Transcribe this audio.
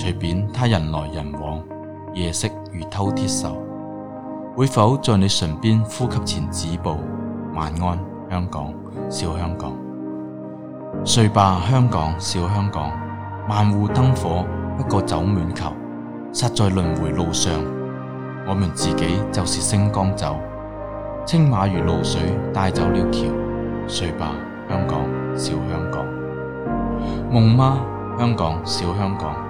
隨便他人來人往，夜色如偷鐵獸，會否在你唇邊呼吸前止步？晚安，香港，小香港，睡吧，香港，小香港，萬戶燈火不過走滿球，實在輪回路上，我們自己就是星光走，青馬如露水帶走了橋，睡吧，香港，小香港，夢嗎？香港，小香港。